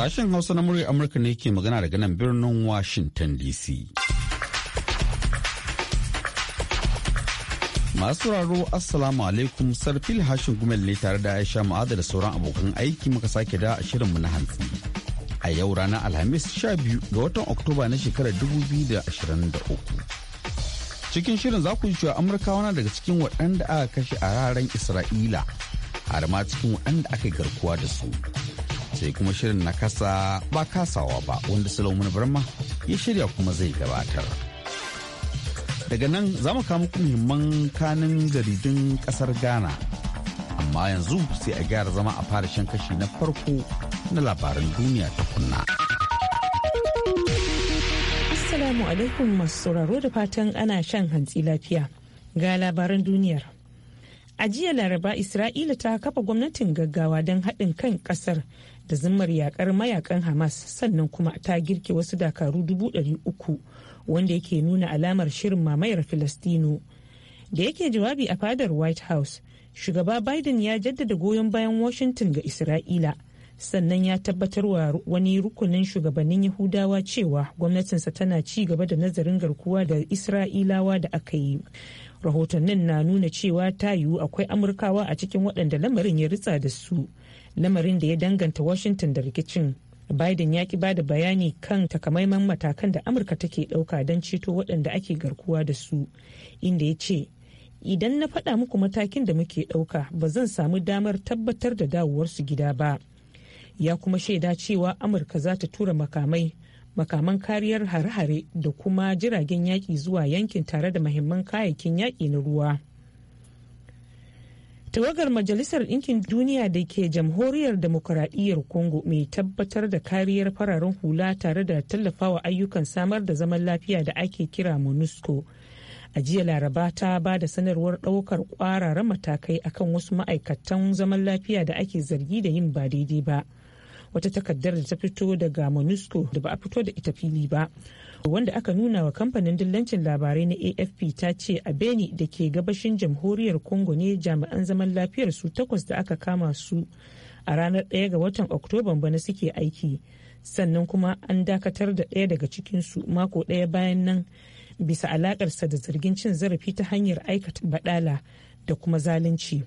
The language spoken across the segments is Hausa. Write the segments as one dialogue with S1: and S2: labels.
S1: Sashen Hausa na muryar Amurka ne ke magana daga nan birnin Washington DC. Masu raro Assalamu alaikum Sarfil Hashin Gumel ne tare da Aisha Ma'ada da sauran abokan aiki muka sake da a shirinmu na hantsi. A yau ranar Alhamis 12 ga watan Oktoba na shekarar 2023. cikin shirin za ku ji cewa amurkawa na daga cikin waɗanda aka kashe a raran isra'ila har ma cikin waɗanda aka garkuwa da su sai kuma shirin na kasa ba kasawa ba wanda Solomon Barma ya shirya kuma zai gabatar. Daga nan za mu kawo muhimman kanin jaridun kasar Ghana. Amma yanzu sai a gyara zama a fara shan kashi na farko na labaran duniya tukunna.
S2: Assalamu alaikum masu sauraro da fatan ana shan hantsi lafiya. Ga labaran duniyar. A jiya Laraba Isra'ila ta kafa gwamnatin gaggawa don haɗin kan ƙasar da zimmar yakar mayakan Hamas sannan kuma ta girke wasu dakaru dubu ɗari uku wanda yake nuna alamar shirin mamayar Filistino. Da yake jawabi a fadar White House, shugaba Biden ya jaddada goyon bayan Washington ga Isra'ila. sannan ya tabbatar wa wani rukunin shugabannin yahudawa cewa gwamnatinsa tana ci gaba da nazarin garkuwa da isra'ilawa da aka yi rahotannin na nuna cewa ta yiwu akwai amurkawa a cikin waɗanda lamarin ya ritsa da su lamarin da ya danganta washington da rikicin biden ya ki ba da bayani kan takamaiman matakan da amurka take ɗauka don ceto waɗanda ake garkuwa da su inda ya ce idan na faɗa muku matakin da muke ɗauka ba zan samu damar tabbatar da dawowarsu gida ba ya kuma shaida cewa amurka za ta tura makamai makaman kariyar hare-hare da kuma jiragen yaƙi zuwa yankin tare da mahimman kayayyakin yaƙi na ruwa. tawagar majalisar ɗinkin duniya da ke jamhuriyar demokuraɗiyyar congo mai tabbatar da kariyar fararen hula tare da tallafawa ayyukan samar da zaman lafiya da ake kira monusco a jiya laraba ta ba da sanarwar ɗaukar ƙwararren matakai akan wasu ma'aikatan zaman lafiya da ake zargi da yin ba daidai ba. wata takardar da ta fito daga monusco da ba a fito da ita fili ba wanda aka nuna wa kamfanin dillancin labarai na afp ta ce a beni da ke gabashin jamhuriyar congo ne jami'an zaman lafiyar su takwas da aka kama su a ranar 1 ga watan oktoban bana suke aiki sannan kuma an dakatar da ɗaya daga cikin su mako ɗaya bayan nan bisa alakarsa da zargin cin zarafi ta hanyar aikata badala da kuma zalunci.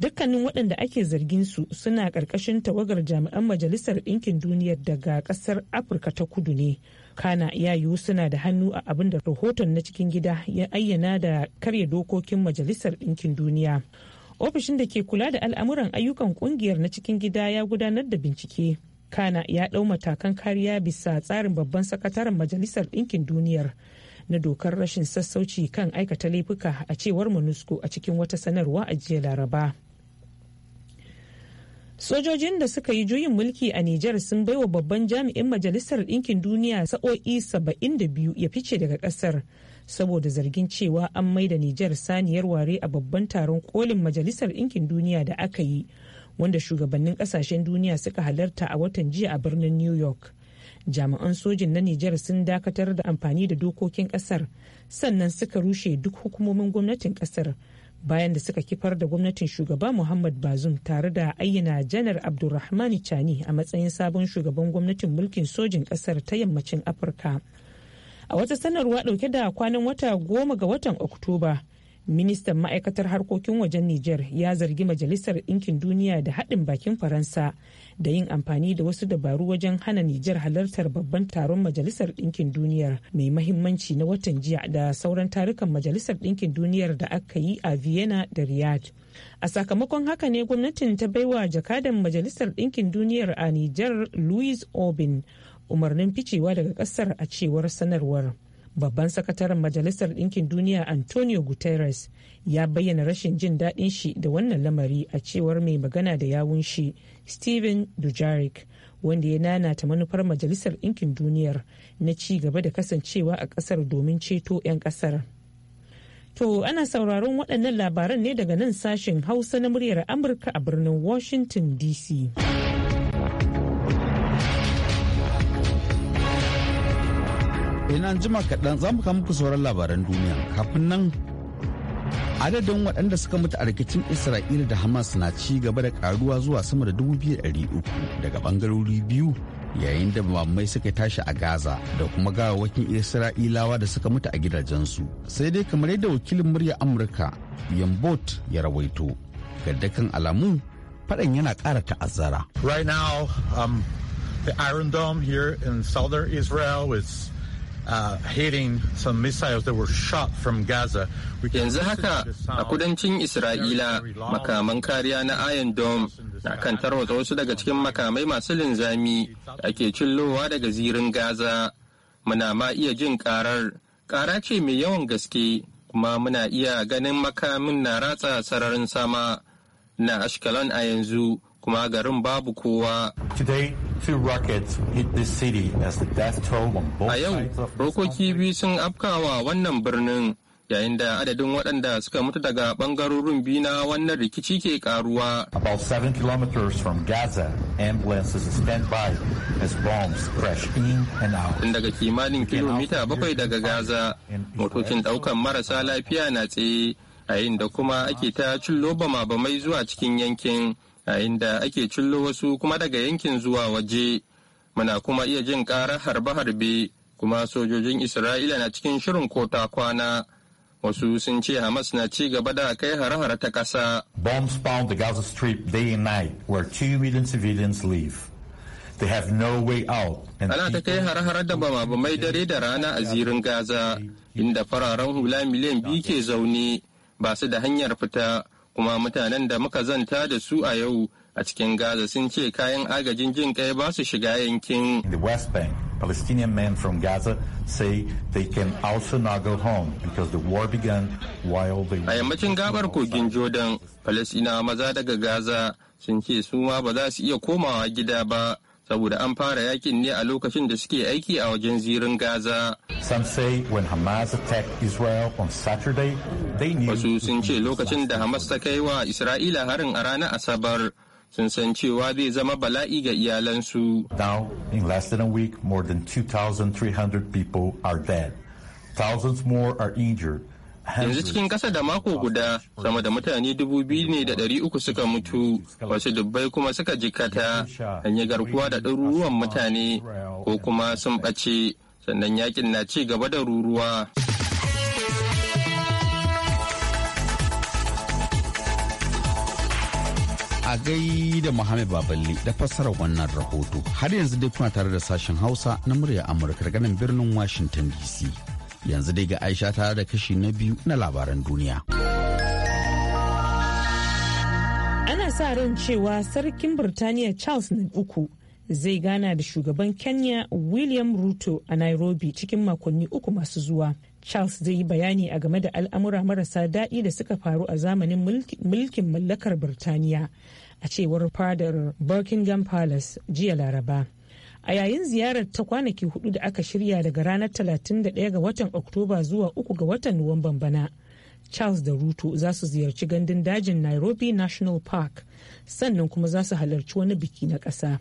S2: dukkanin waɗanda ake zargin su suna ƙarƙashin tawagar jami'an majalisar ɗinkin duniya daga ƙasar afirka ta kudu ne kana iyayu suna da hannu a abin da rahoton na cikin gida ya ayyana da karya dokokin majalisar ɗinkin duniya ofishin da ke kula da al'amuran ayyukan ƙungiyar na cikin gida ya gudanar da bincike kana ya ɗau matakan kariya bisa tsarin babban sakataren majalisar ɗinkin duniyar na dokar rashin sassauci kan aikata laifuka a cewar monusco a cikin wata sanarwa a jiya laraba Sojojin da suka yi juyin mulki a Nijar sun baiwa babban jami'in Majalisar Ɗinkin Duniya sa'o'i saba'in da biyu ya fice daga ƙasar saboda zargin cewa an maida Nijar saniyar ware a babban taron kolin Majalisar Ɗinkin Duniya da aka yi, wanda shugabannin ƙasashen duniya suka halarta a watan jiya a birnin New York. Jami'an sojin na Nijar sun dakatar da amfani da dokokin ƙasar, sannan suka rushe duk hukumomin gwamnatin ƙasar. bayan da suka kifar da gwamnatin shugaba muhammad bazum tare da ayyana janar abdulrahman chani a matsayin sabon shugaban gwamnatin mulkin sojin kasar ta yammacin afirka a wata sanarwa dauke da kwanan wata goma ga watan oktoba ministan ma'aikatar harkokin wajen niger ya zargi majalisar ɗinkin duniya da haɗin bakin faransa da yin amfani da wasu dabaru wajen hana niger halartar babban taron majalisar ɗinkin duniyar mai mahimmanci na watan jiya da sauran tarukan majalisar ɗinkin duniyar da aka yi a vienna da riyadh a sakamakon haka ne gwamnatin ta baiwa jakadan majalisar ɗinkin duniyar a niger louis obin umarnin ficewa daga ƙasar a cewar sanarwar babban sakataren majalisar ɗinkin duniya antonio guterres ya bayyana rashin jin daɗin shi da wannan lamari a cewar mai magana da yawun shi steven dujarik wanda ya nanata manufar majalisar ɗinkin duniyar na ci gaba da kasancewa a ƙasar domin ceto 'yan ƙasar to ana sauraron waɗannan labaran ne daga nan sashen hausa na muryar amurka a birnin washington dc
S1: ina eh, jima kaɗan za mu kama muku sauran labaran duniya kafin nan adadin waɗanda suka mutu a rikicin isra'ila da hamas na ci gaba da karuwa zuwa sama da da uku daga ɓangarori biyu yayin da mamai suka tashi a gaza da kuma gawawakin isra'ilawa da suka mutu a gidajensu sai dai kamar yadda wakilin murya amurka yambut ya rawaito ga dukkan alamu faɗan yana ƙara ta'azzara right now um, the iron dome here in southern israel is
S3: Uh, yanzu haka a kudancin Isra'ila makaman kariya na Iron Dome na kan tarwatsa wasu daga cikin makamai masu linzami da ake cillowa daga zirin Gaza. Muna ma iya jin karar, kara ce mai yawan gaske kuma muna iya ganin makamin na ratsa sararin sama na Ashkelon a yanzu kuma garin babu kowa. A yau, rokoki biyu sun afkawa wannan birnin yayin da adadin waɗanda suka mutu daga bangarorin biyu na wannan rikici ke karuwa. About 7 kilometers from Gaza, ambulances stand by as bombs crash Tun daga kimanin kilomita bakwai daga Gaza, motocin ɗaukan marasa lafiya na tsaye, yayin da kuma ake ta cin loba mabamai zuwa cikin yankin. yayin da ake cillo wasu kuma daga yankin zuwa waje muna kuma iya jin karar harbe-harbe kuma sojojin isra'ila na cikin shirin kota kwana wasu sun ce hamas na ci gaba da kai hare-hare ta kasa. bombs pound the gaza strip day and night where two million civilians live They have no way out. Ana ta kai hare-hare da bama mai dare da rana a zirin Gaza, inda fararen hula miliyan biyu ke zaune ba su da hanyar fita kuma mutanen da muka zanta da su a yau a cikin Gaza sun ce kayan agajin jin kai ba su shiga yankin. The West Bank, Palestinian men from Gaza
S1: say they can also not go home because the war began while they A
S3: yammacin gabar kogin Jordan, Palestina maza daga Gaza sun ce su ma ba za su iya komawa gida ba saboda an fara yakin ne a lokacin da suke aiki a wajen zirin Gaza. Wasu sun ce lokacin da Hamas ta kai wa Isra'ila harin a ranar Asabar sun san cewa zai zama bala'i ga iyalansu. Now, in less than a week, more than 2,300 people are dead. Thousands more are injured. yanzu cikin kasa da mako guda sama da mutane dubu biyu ne da ɗari uku suka mutu wasu dubbai kuma suka jikata hanyar garkuwa da ɗaruruwan mutane ko kuma sun ɓace sannan yakin na ci gaba da ruruwa. a gai da Muhammad Baballe da
S1: fassarar wannan rahoto har yanzu dai kuna tare da sashen Hausa na murya Amurka daga nan birnin Washington DC. Yanzu dai ga Aisha tare da kashi na biyu na labaran duniya.
S2: Ana sa ran cewa sarkin Birtaniya Charles na uku zai gana da shugaban Kenya William Ruto a Nairobi cikin makonni uku masu zuwa. Charles zai yi bayani a game da al'amura marasa daɗi da suka faru a zamanin mulkin mallakar Birtaniya a cewar fadar Buckingham Palace jiya Laraba. a yayin ziyarar ta kwanaki hudu da aka shirya daga ranar 31 ga watan oktoba zuwa 3 ga watan nuwamban bana charles da ruto za su ziyarci gandun dajin nairobi national park sannan kuma za su halarci wani biki na ƙasa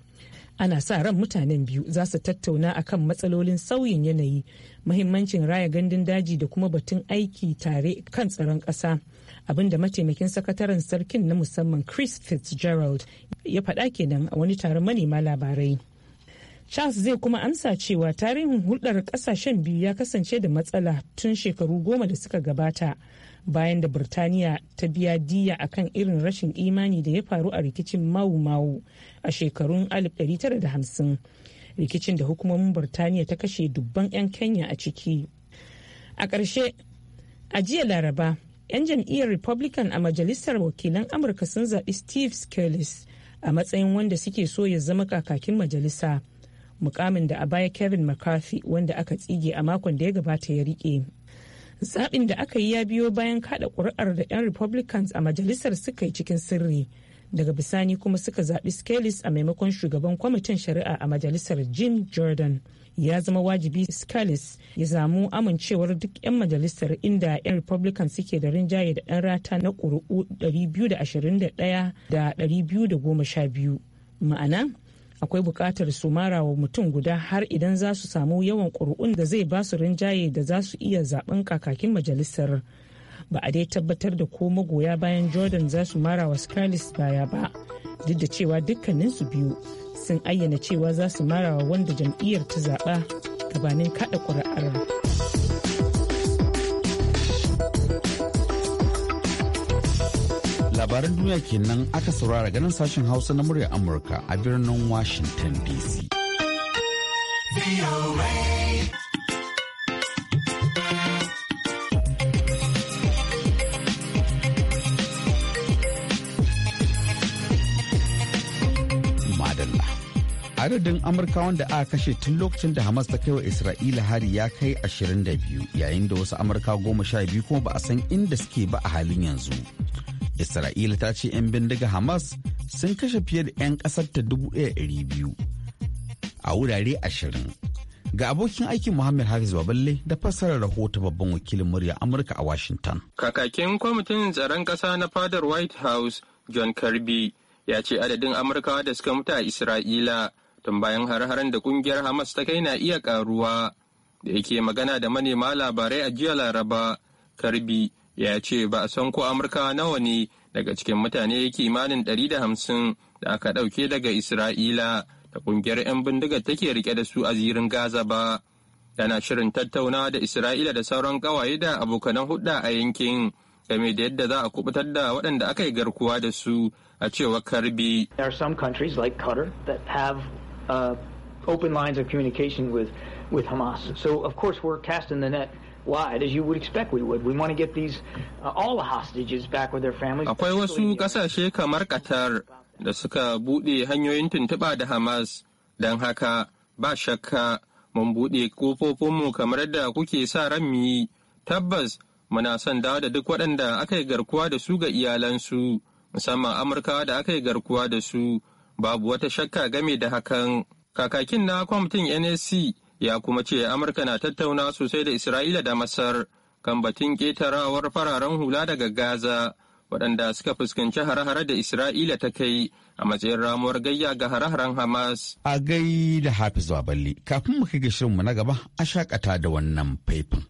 S2: ana sa ran mutanen biyu za su tattauna akan matsalolin sauyin yanayi mahimmancin raya gandun daji da kuma batun aiki tare kan tsaron ƙasa abinda mataimakin sakataren sarkin na musamman chris fitzgerald ya faɗa kenan a wani taron manema labarai Charles zai kuma amsa cewa tarihin hulɗar ƙasashen biyu ya kasance da matsala tun shekaru goma da suka gabata bayan da Birtaniya ta biya diya akan irin rashin imani da ya faru a rikicin mau-mau a shekarun 1950 rikicin da hukumomin Birtaniya ta kashe dubban 'yan Kenya a ciki. A ƙarshe, a jiya Laraba, 'yan jam'iyyar Republican a Majalisar Wakilan Amurka sun zaɓi Steve Scalise a matsayin wanda suke so ya zama kakakin majalisa. mukamin da a baya kevin mccarthy wanda aka tsige a makon da ya gabata ya rike zaɓin da aka yi ya biyo bayan kaɗa ƙuri'ar da 'yan republicans a majalisar suka yi cikin sirri daga bisani kuma suka zaɓi scalise a maimakon shugaban kwamitin shari'a a majalisar jim jordan ya zama wajibi scalise ya samu amincewar duk 'yan majalisar inda 'yan republicans suke da rinjaye da ɗan rata na ƙuri'u 221 da 212 ma'ana akwai bukatar su mara wa mutum guda har idan za su samu yawan ƙuri'un da zai ba su rinjaye da za su iya zaben kakakin majalisar ba a dai tabbatar da ko magoya bayan jordan za su mara wa scarlett baya ba duk da cewa dukkaninsu biyu sun ayyana cewa za su mara wa wanda jam'iyyar ta zaɓa gabanin kaɗa ƙuri'ar.
S1: labaran duniya kenan aka saurara ganin sashen hausa na muryar amurka a birnin washington dc adadin amurka wanda aka kashe tun lokacin da hamas ta kaiwa isra'ila hari ya kai 22 yayin da wasu amurka goma sha biyu kuma ba a san inda suke ba a halin yanzu Isra'ila ta ce 'yan bindiga Hamas sun kashe fiye da 'yan kasar ta 1,200 a wurare ashirin. Ga abokin aikin Muhammad Hafiz Baballe da fassarar rahoto babban wakilin murya Amurka a Washington.
S3: Kakakin kwamitin tsaron ƙasa na fadar White House John Kirby ya ce adadin Amurkawa da suka mutu a Isra'ila tun bayan har-haren da kungiyar Hamas ta kai na iya karuwa. Da yake magana da manema labarai a jiya Laraba, Karbi ya ce ba a san ko amurka nawa ne daga cikin mutane kimanin 150 da hamsin da aka ɗauke daga isra'ila da ƙungiyar 'yan bindigar take rike da su a zirin gaza ba tana shirin tattauna da isra'ila da sauran ƙawaye da abokanan hudda a yankin game da yadda za a kubutar da waɗanda aka yi garkuwa da su a cewar karbi
S2: uh, with with hamas so of course we're casting the net wide, as you would expect we would. We want to get these, uh, all the hostages back with their families. Akwai
S3: wasu kasashe kamar Qatar da suka buɗe hanyoyin tuntuɓa da Hamas, don haka ba shakka mun buɗe ƙofofinmu kamar yadda kuke sa ran mu yi. Tabbas muna son dawo da duk waɗanda aka yi garkuwa da su ga iyalansu, musamman amurka da aka yi garkuwa da su, babu wata shakka game da hakan. Kakakin na kwamitin NSC ya kuma ce amurka na tattauna sosai da isra'ila da masar kan batun ƙetarawar fararen hula daga gaza waɗanda suka fuskanci hare-hare da isra'ila ta kai a matsayin ramuwar gayya ga hare-haren hamas
S1: a gai da hafiz baballe kafin mu kai ga shirinmu na gaba a shakata da wannan faifin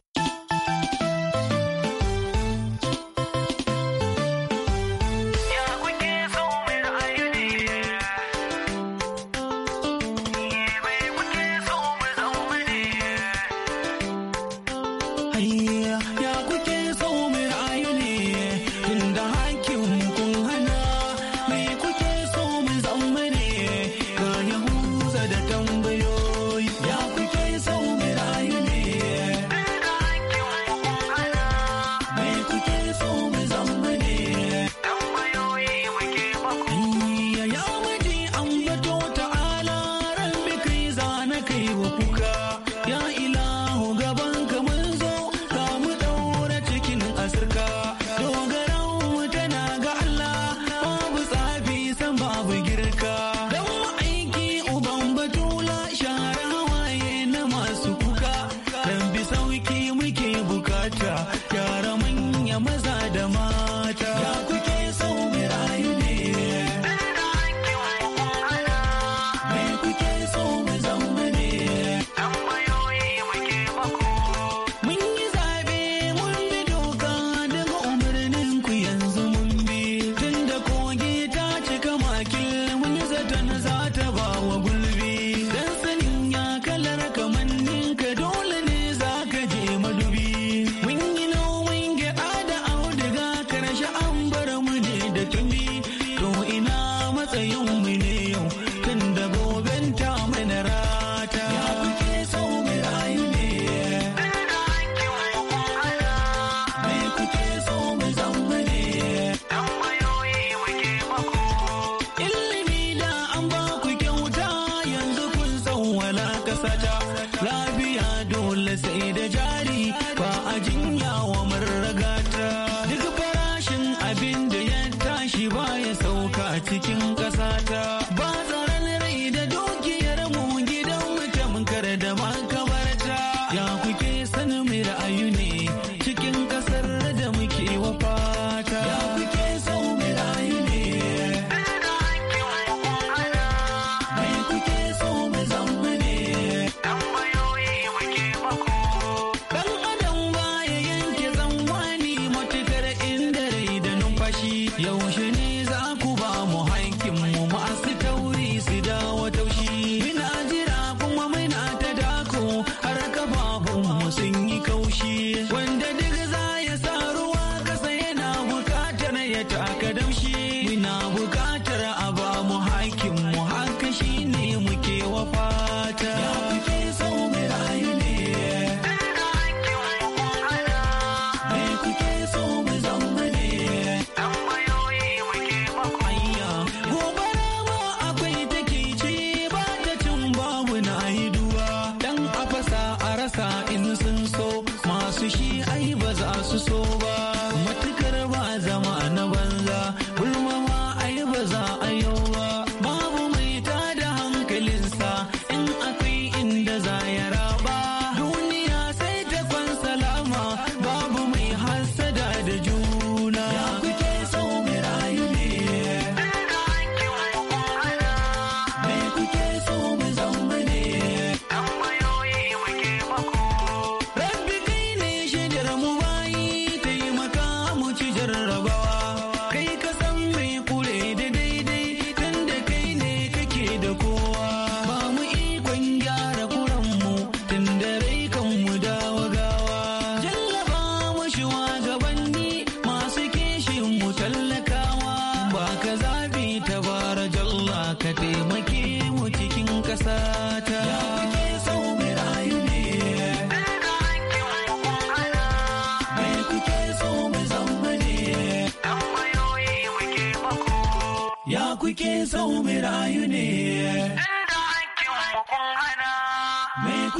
S4: kuke sau rayu ne.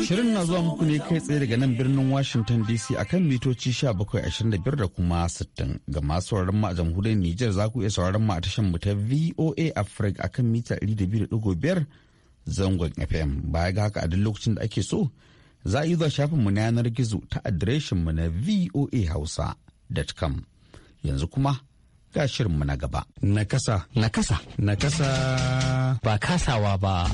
S1: Shirin na zuwa muku ne kai tsaye daga nan birnin Washington DC akan mitoci 1725 da kuma 60 ga masu sauraron ma a jamhuriyar Nijar za ku iya sauraron ma a tashan mu ta VOA Africa akan mita 200.5 zangon FM. Baya ga haka a duk lokacin da ake so za a yi zuwa shafin mu na yanar gizo ta adireshin mu na voahausa.com. Yanzu kuma ga shirinmu na gaba. Nakasa. Nakasa. Nakasa. Ba kasawa
S2: ba.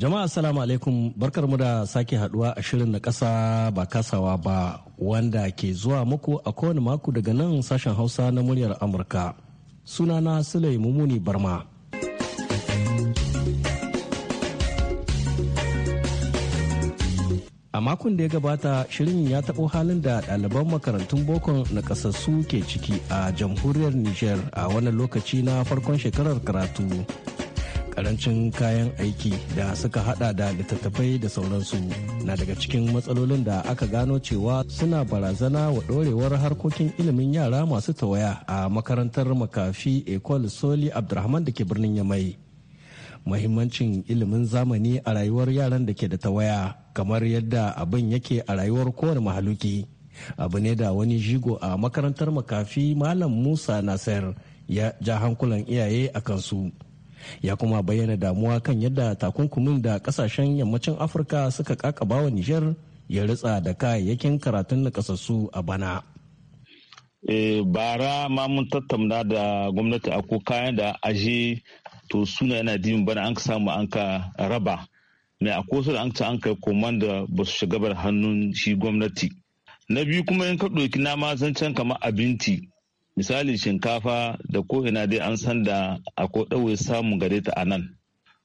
S5: Jama'a salamu alaikum barkarmu da sake haduwa a shirin na kasa ba kasawa ba wanda ke zuwa muku a kowane mako daga nan sashen hausa na muryar Amurka. Sunana Sule Mumuni Barma. a makon da ya gabata shirin ya taɓo halin da ɗaliban makarantun bokon na ƙasassu ke ciki a jamhuriyar niger a wani lokaci na farkon shekarar karatu ƙarancin kayan aiki da suka hada da littattafai da sauransu na daga cikin matsalolin da aka gano cewa suna barazana wa ɗorewar harkokin ilimin yara masu tawaya a makarantar makafi ecole soli abdulrahman da ke birnin yamai muhimmancin ilimin zamani a rayuwar yaran da ke da ta waya kamar yadda abin yake a rayuwar kowane mahaluki abu ne da wani jigo a makarantar makafi malam musa nasir ya ja hankulan iyaye a kansu ya kuma bayyana damuwa kan yadda takunkumin da kasashen yammacin afirka suka kakabawa nijar ya ritsa da kayayyakin karatun nakasassu a bana
S6: eh, bara ma mun tattauna da gwamnati a kayan da aji to suna yana dimin bana an ka samu an ka raba mai a kosa da an ta an kai komanda ba su shiga bar hannun shi gwamnati na biyu kuma in ka ɗauki nama can kamar abinci misali shinkafa da ko ko'ina dai an san da akwai ɗauye samun gare ta a nan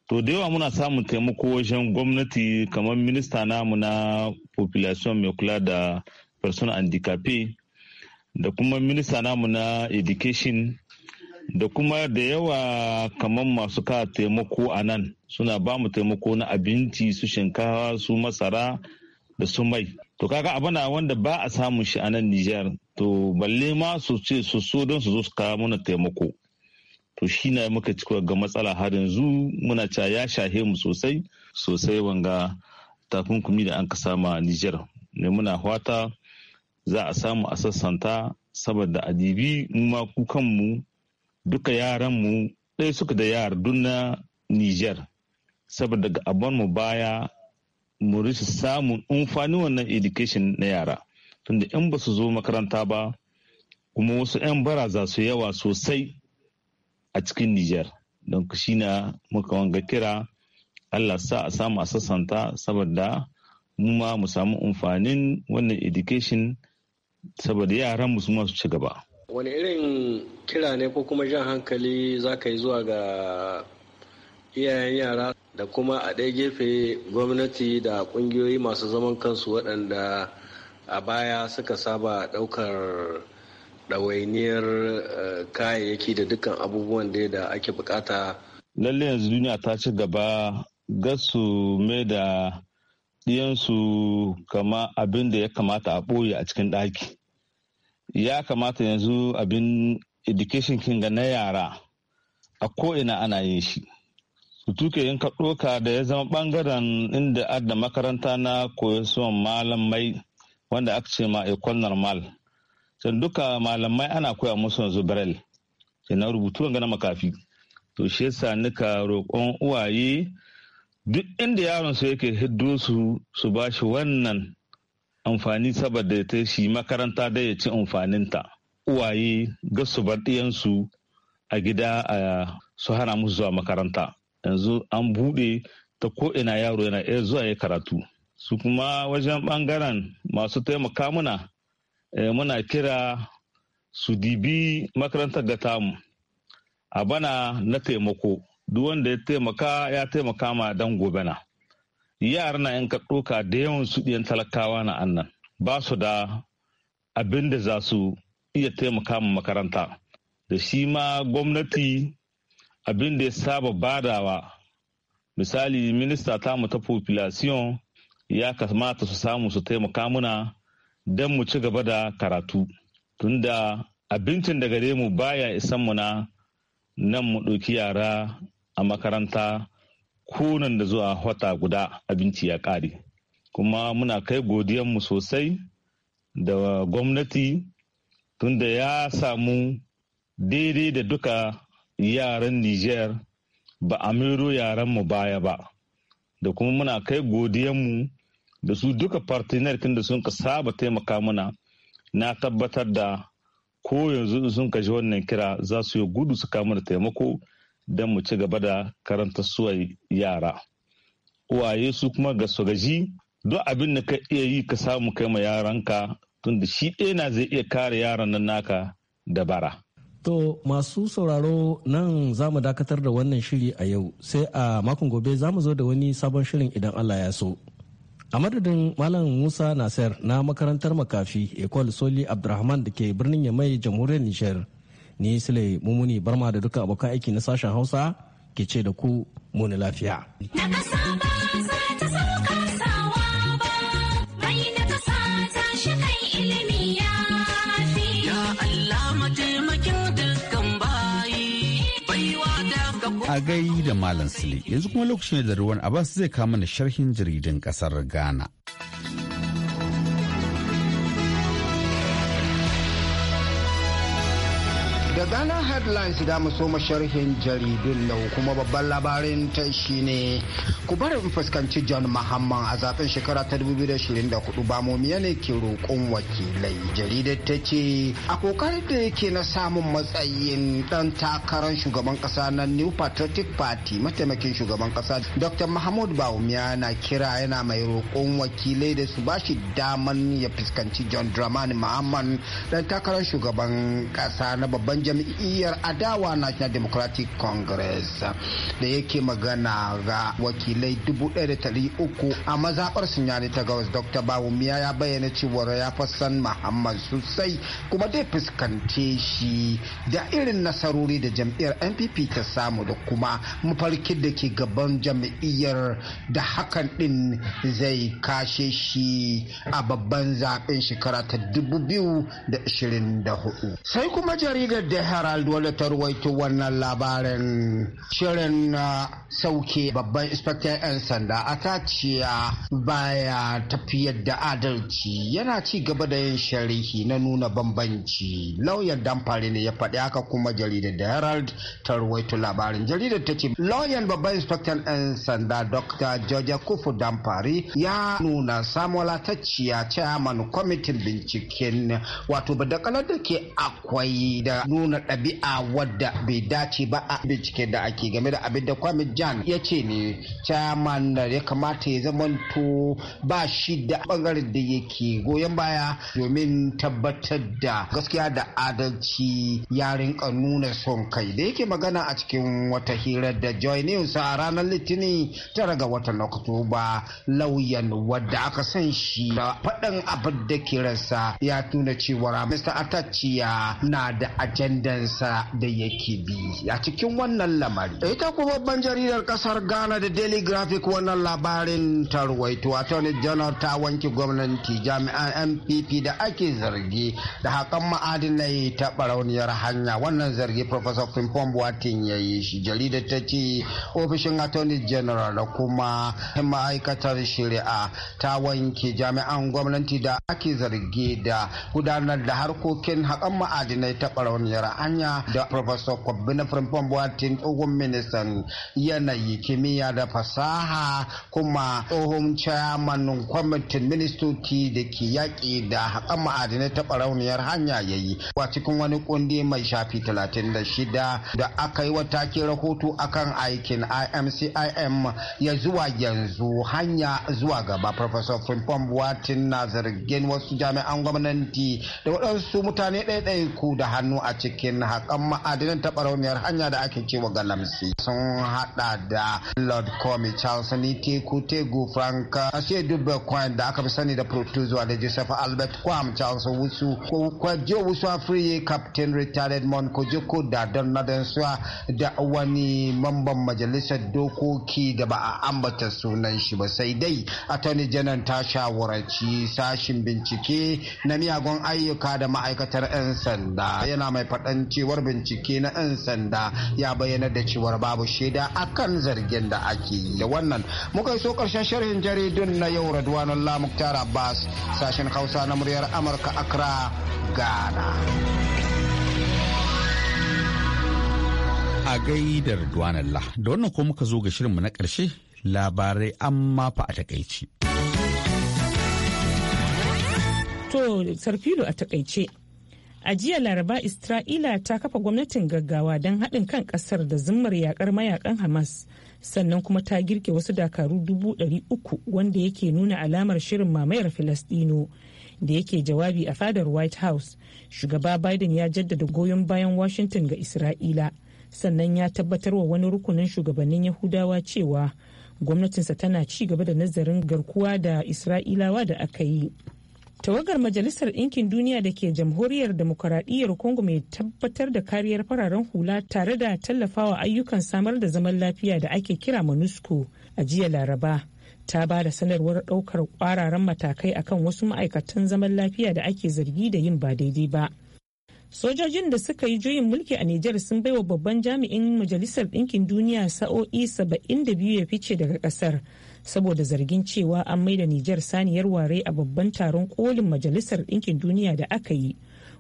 S6: to da yawa muna samun taimako wajen gwamnati kamar minista namu na population mai kula da person handicapé da kuma minista namu na education da kuma da yawa kamar masu ka taimako a nan suna ba mu taimako na abinci su shinkawa su masara da su mai to kaga abana wanda ba a samu shi a nan Nijar to balle ma su ce su so don su zo su kawo mana taimako to shi na muka ci ga matsala har yanzu muna cewa ya shahe mu sosai sosai wanga takunkumi da an ka sama Nijar ne muna fata za a samu a sassanta saboda adibi mu ma ku kanmu duka yaranmu ɗaya suka da yar na Nijar. Saboda ga mu baya mu rasa samun amfani wannan education na yara. Tunda in ba su zo makaranta ba, kuma wasu 'yan baraza su yawa sosai a cikin Nijar. Don shi na muka wanga kira Allah sa a samu a sassanta saboda mu ma mu samu amfanin wannan education saboda yaran mu su ci gaba.
S5: wani irin kira ne ko kuma jan hankali za ka yi zuwa ga iyayen yara da kuma a ɗaya gefe gwamnati da ƙungiyoyi masu zaman kansu waɗanda a baya suka saba ɗaukar ɗawainiyar eh, kayayyaki da dukkan abubuwan da da ake bukata.
S6: lalle yanzu duniya ta ci gaba gasu mai da ɗiyansu kama abin da ya kamata a ɓoye a cikin ɗaki ya kamata yanzu abin education kinga na yara a ko'ina ana yin shi tuke yin kaɗoka da ya zama ɓangaren inda adda makaranta na koyon malamai wanda aka ce ma ecole normal can duka malamai ana koya musu yanzu brel na rubutu ga na makafi to shi yasa nika roƙon uwaye duk inda yaron su yake hiddo su su ba wannan amfani saboda ta shi makaranta da ya ci amfaninta uwaye ga su bar ɗiyansu a gida a su hana musu zuwa makaranta yanzu an buɗe ta ko'ina yaro yana iya zuwa ya karatu su kuma wajen ɓangaren masu taimaka muna eh, muna kira su dibi makaranta ga tamu a bana na taimako duk wanda ya taimaka ya taimaka ma dan gobena yara na yan ɗoka da yawan su ɗiyan talakawa na annan ba su da abin da za su iya taimaka ma makaranta da shi ma gwamnati abin da ya saba badawa misali minista ta mu ta population ya kamata su samu su taimaka muna don mu ci gaba da karatu tunda abincin da gare mu baya isan mu na nan mu ɗauki yara a makaranta ko nan da zuwa wata guda abinci ya ƙare kuma muna kai mu sosai da gwamnati tunda ya samu daidai da duka yaran niger ba a miro mu baya ba da kuma muna kai godiyanmu da su duka partner tunda sun ka saba taimaka mana na tabbatar da ko yanzu sun ka ji wannan kira za su yi gudu su kama da taimako don mu ci gaba da karanta suwai yara uwaye su kuma ga gaji duk abin da ka iya yi ka samu kai ma yaranka tunda shi ɗaya zai iya kare yaran nan naka da bara
S5: To masu sauraro nan za mu dakatar da wannan shiri a yau sai a makon gobe za mu zo da wani sabon shirin idan Allah ya so. A madadin Malam Musa Nasir na makarantar makafi Ecole Soli Abdulrahman da ke birnin Yamai jamhuriyar Nijar ni sule mumuni barma da duka abokan aiki na sashen hausa ke ce da ku muni lafiya
S1: a gai da malam sule yanzu kuma lokacin da ruwan abbas zai kama da sharhin jaridan kasar ghana
S7: da ghana headlines da mu soma sharhin jaridun da kuma babban labarin ta shine ku bari in fuskanci john mahamman a zaben shekara ta 2024 ba momiya ne ke roƙon wakilai jaridar ta ce a kokarin da yake na samun matsayin dan takarar shugaban kasa na new patriotic party mataimakin shugaban kasa dr mahmud baumiya na kira yana mai roƙon wakilai da su bashi daman ya fuskanci john dramani mahamman dan takarar shugaban kasa na babban jam'iyyar adawa national democratic congress da yake magana ga wakilai 1,300 a mazaɓar sinyani ta gawas dr bawumiya ya bayyana cewa ya san muhammad sosai kuma dai fuskance shi da irin nasarori da jam'iyyar npp ta samu da kuma mafarki da ke gaban jam'iyyar da hakan din zai kashe shi a babban zaben shekara ta 2024 sai kuma jaridar da herald wanda ta ruwaito wannan labarin shirin uh, sauke babban inspector 'yan sanda a taciya baya tafiyar da adalci yana ci gaba da yin sharihi na nuna bambanci lauyan damfare ne ya faɗi haka kuma jaridar da herald ta ruwaito labarin jaridar ta ce lauyan babban inspector 'yan sanda dr georgia kufu damfare ya nuna samuela tacciya chairman kwamitin binciken wato badakalar da ke akwai da nuna nuna ɗabi'a wadda bai dace ba a bincike da ake game da abin da kwame jan ya ce ne chairman ya kamata ya zamanto ba shi da bangaren da yake goyon baya domin tabbatar da gaskiya da adalci yarin nuna son kai da yake magana a cikin wata hira da joy news a ranar litinin tara ga watan oktoba lauyan wadda aka san shi da faɗin abin da kiransa ya tuna cewa mr atachiya na da ajanda dandansa da yake bi a cikin wannan lamari. Ita kuma babban jaridar kasar Ghana da Daily Graphic wannan labarin ta ruwaito Attorney General ta wanke gwamnati jami'an MPP da ake zargi da hakan ma'adinai ta barauniyar hanya wannan zargi Professor Pimpon Boateng ya yi shi jaridar ta ce ofishin Attorney General da kuma ma'aikatar shari'a ta wanke jami'an gwamnati da ake zargi da gudanar da harkokin hakan ma'adinai ta barauniyar Da hanya da Professor Kwabbi na Frimfon Buatin tsohon ministan yanayi kimiyya da fasaha kuma tsohon chairman kwamitin ministoci da ke yaƙi da haƙan ma'adinai ta barauniyar hanya ya yi wa cikin wani kundi mai shafi 36 da aka yi wata ke rahoto akan aikin IMCIM ya zuwa yanzu hanya zuwa gaba Professor Frimpong Buatin na zargin wasu jami'an gwamnati da waɗansu mutane ɗaiɗaiku da hannu a cikin da ke haƙan ma'adinan ta hanya da ake cewa galamsi sun hada da lord comey charles teku tegu frank ashe dubbe coin da aka fi sani da protozoa da joseph albert kwam charles wusu kwajo wusu afriye captain retired mon kojoko da don suwa da wani mamban majalisar dokoki da ba a ambata sunan shi ba sai dai attorney general ta shawarci sashin bincike na miyagun ayyuka da ma'aikatar 'yan sanda yana mai faɗan cewar bincike na 'yan sanda ya bayyana da cewar babu shaida akan zargin da ake yi da wannan muka so karshen sharhin jaridun na yau radwanan lamuktar abbas sashen hausa na muryar amurka accra ghana
S1: a gaidar duwanalla da wannan ko muka zo ga shirinmu na ƙarshe labarai amma fa a takaici
S2: to sarfilo a takaice A jiya Laraba Isra'ila ta kafa gwamnatin gaggawa don haɗin kan ƙasar da zimmar yakar mayakan Hamas. Sannan kuma ta girke wasu dakaru dubu ɗari uku wanda yake nuna alamar shirin mamayar Filistino. Da yake jawabi a fadar White House, shugaba Biden ya jaddada goyon bayan Washington ga Isra'ila. Sannan ya tabbatar wa wani rukunin shugabannin Yahudawa cewa gwamnatinsa tana ci gaba da nazarin garkuwa da Isra'ilawa da aka yi. tawagar majalisar ɗinkin duniya da ke jamhuriyar demokuraɗiyyar congo mai tabbatar da kariyar fararen hula tare da tallafawa ayyukan samar da zaman lafiya da ake kira monusco a jiya laraba ta ba da sanarwar ɗaukar ƙwararan matakai akan wasu ma'aikatan zaman lafiya da ake zargi da yin ba daidai ba sojojin da suka yi juyin mulki a Nijar sun baiwa babban jami'in majalisar ɗinkin duniya sa'o'i biyu ya fice daga ƙasar saboda zargin cewa an da Nijar saniyar ware a babban taron kolin Majalisar Ɗinkin Duniya da aka yi,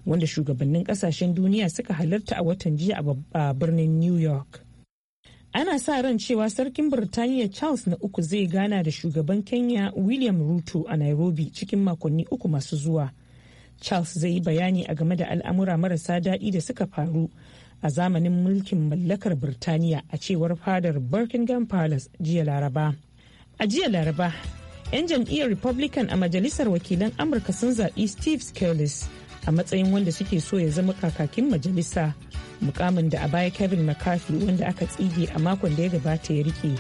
S2: wanda shugabannin ƙasashen duniya suka halarta a watan jiya a birnin New York. Ana sa ran cewa Sarkin Birtaniya Charles na uku zai gana da shugaban Kenya William Ruto a Nairobi cikin makonni uku masu zuwa. Charles zai yi bayani a game da al'amura marasa daɗi da suka faru a zamanin mulkin mallakar Birtaniya a cewar fadar Buckingham Palace jiya Laraba. a jiya laraba 'yan jam'iyyar republican a majalisar wakilan amurka sun zaɓi steve scalise a matsayin wanda suke so ya zama kakakin majalisa mukamin da a baya kevin mccarthy wanda aka tsige a makon da ya gabata ya rike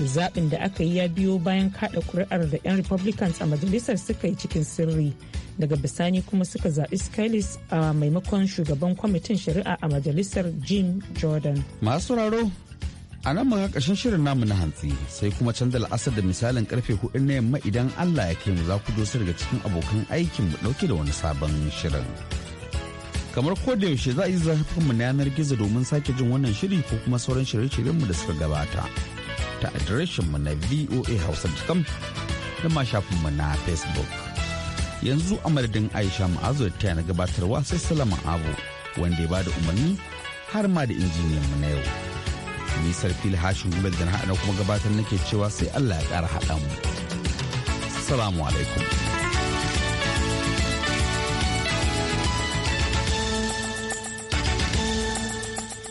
S2: zaɓin da aka yi ya biyo bayan kaɗa kuri'ar da 'yan republicans a majalisar suka yi cikin sirri daga bisani kuma suka zaɓi scalise a maimakon shugaban kwamitin shari'a a majalisar jim jordan
S1: masu raro A nan mun ƙarshen shirin namu na hantsi sai kuma canza la'asar da misalin karfe hudu na yamma idan Allah ya kai mu za ku dosa daga cikin abokan aikin mu ɗauke da wani sabon shirin. Kamar ko da yaushe za a yi zafin mu na yanar gizo domin sake jin wannan shiri ko kuma sauran shirye-shiryen mu da suka gabata. Ta adireshin mu na voahausa.com da ma shafin mu na Facebook. Yanzu a madadin Aisha Ma'azu da ta na gabatarwa sai Salama Abu wanda ya bada umarni har ma da injiniyan mu na yau. nisar fil hashin gumbel da na kuma gabatar nake cewa sai allah ya kara haɗa mu salamu alaikum